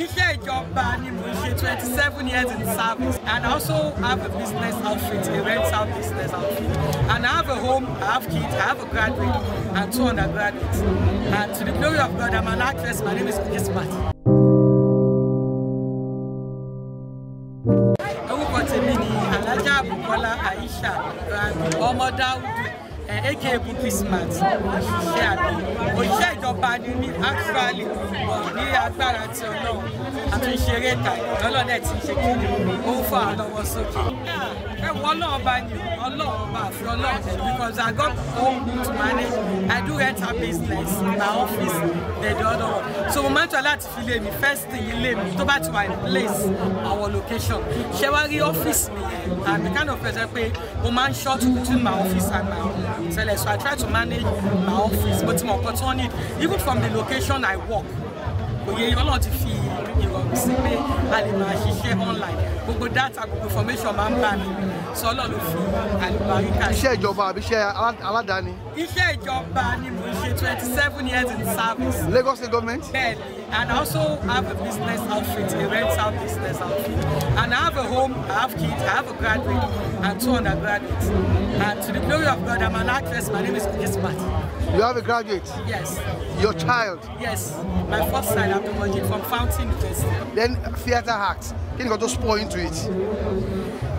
Iṣẹ́ ìjọba ni mo ṣe twenty seven years in service and I also have a business outfit, a rental business outfit. And I have a home, I have kids, I have a graduate and two undergraduates. And to the glory of God, I'm an actress. My name is Kismat. Orúkọ tèmi ni Alájà Bùkọ́lá Aisha Rabi, ọmọ Dáúdú aka Bukky Smart òṣìṣẹ́ àgbẹ̀ òṣìṣẹ́ ìjọba ni ní actually ní agbára ti Ọlọ́run fi ń ṣeré ta ìtọ́lọ́dẹ̀ ti ń ṣe kí ó ń fà á lọ́wọ́ sókè. ẹ wọ ọlọ́run bá ní ọlọ́run bá fi ọlọ́run tẹ̀ because I got home to manage I do rental business in my office then the other one so mo máa ń tọ́ láti fi lé mi first thing ilé mi tó bá ti wà in place our location ṣé wá rí ọ́fíìsì mi yẹn the kind of person pé mo máa ń short between my office and my tẹ́lẹ̀ so I try to manage my office mo ti mọ̀ nǹkan tí wọ́n need even from the location I work òye ọlọ́run ti fi ìrọ̀ sílé a lè máa ṣiṣẹ́ online gbogbo data gbogbo information máa ń bá mi sọ ọlọ́run fún àlùbáríkà. iṣẹ́ ìjọba àbí iṣẹ́ aládàáni. iṣẹ́ ìjọba ni mo ṣe twenty seven years in service. Lagos State government. bẹ́ẹ̀ni and I also have a business outfit a rental business outfit and I have a home I have kids I have a graduate and two undergraduates and to the glory of God I'm an actress my name is Kukis Party. You have a graduate? Yes. Your child? Yes. My first child, Abdul Majid, from Fountain University then theatre act kí nìkan tó spoil into it.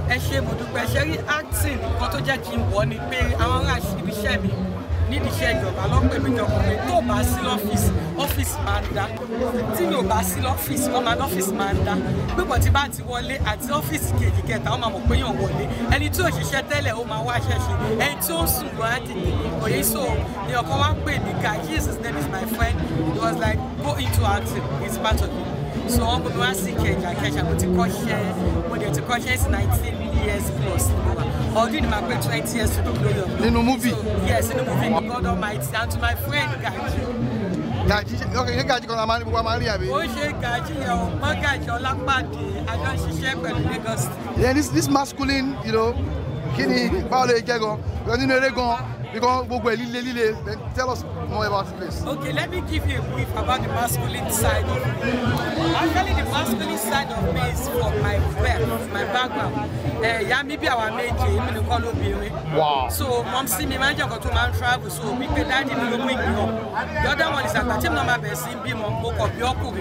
ẹ ṣe mo dúpẹ́ ṣe rí acting nǹkan tó jẹ́ kí n wọ̀ ni pé àwọn ará ibi iṣẹ́ mi nídìí iṣẹ́ ìjọba lọ́pọ̀ èmi jọ pé tó bá sí lọ́fíìsì ọ́fíìsì máa ń dá tí mi ò bá sí lọ́fíìsì wọ́n máa lọ́fíìsì máa ń dá pípọ̀ tí bá ti wọlé àti ọ́fíìsì kejì kẹta wọ́n máa mọ̀ pé yàn wọlé ẹni tí ò ṣiṣẹ́ tẹ́lẹ̀ ó máa wá ṣẹ̀ṣẹ̀ ẹni tí ó ń sùn lọ́wọ́ dìde òye so ni ọkọ wa pè mí ká Jesus name is my friend he was like go into acting it's part of it so wọn gbọmọ wá sí kẹjà kẹjà mo ti kọ ṣẹ mo dẹ ti kọ ṣẹ since nineteen years plus ni mo wà ọdún ni màá pé twenty years to the glory of God. nínú múvì. yes nínú múvì God Almighty and to my friend Gaji. Gaji ok ṣé Gaji kan máa ń wá máa ń rí àbí. ó ṣe Gaji yẹn o mọ Gaji Ọlápàdé àjọṣiṣẹ́ pẹ̀lú Lagos. yeah this this masculine you know kí ni báwo lè jẹ́ gan-an nínú eré gan because Bogwe Lile Lile, then tell us more about the place. Okay, let me give you a brief about the masculine side of me. Actually, the masculine side of me is from my birth, my background. Uh, yeah, maybe our major, even the call of Wow. So, mom see me manager got to man travel, so we pay daddy me to wake me up. The other one is that team number best in Bimo, Boko, Bioko,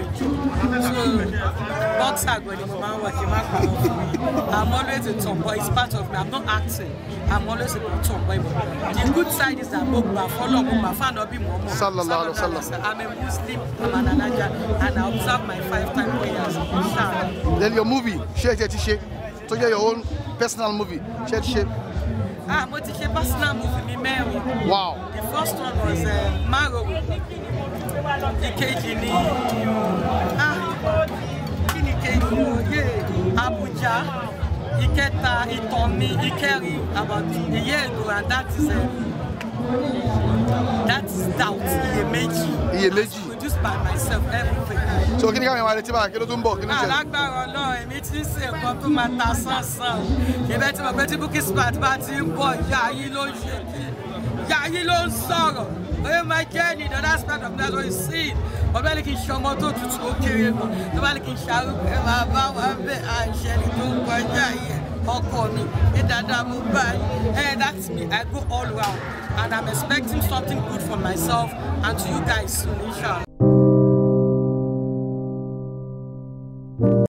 So, boxer, when the man working, I'm always a tomboy, it's part of me. I'm not acting, I'm always a tomboy. The good good side is that mo gbà fọlọ́ mo gbà fáànà bí mo mọ̀ sallallahu alaihi wasallam i'm a muslim i'm an alaja and i observe my five time prayers then your movie ṣé ẹ ti ṣe tó jẹ́ your own personal movie ṣé ẹ ti ah mo ti ṣe personal movie mi mẹ́rin. wow the first one was uh, maro ìkejì ni ah the kí ni kejì o yé abuja ìkẹta me. mi ìkẹrin about a year ago and that is. Uh, That's doubt. iyèméjì. iyèméjì. produced by myself everything. so kini ni káwọn ẹ̀wọ̀n àrètí báyìí kí ló tún bọ̀ kí ló jẹ. Ah, alágbára ọlọ́run èmi ti ń ṣe nǹkan tó máa ta sánsán ìbẹ́ tí mo gbé tí bukis pat bá ti ń bọ̀ yaayi ló ń ṣe kí yaayi ló ń sọ̀rọ̀ oye my journey the last part of that was seen ọ̀bẹ ní kí n ṣọmọ tó tutù ó kéré mọ́ tó bá ní kí n ṣàrùkẹ́ máa bá wa bẹ́ẹ̀ àṣẹ ni tó ń kọjá yìí ọkọ mi ní dáadáa mo bá ẹ that's me i go all round and i'm expecting something good for myself and to you guys soon inshallah.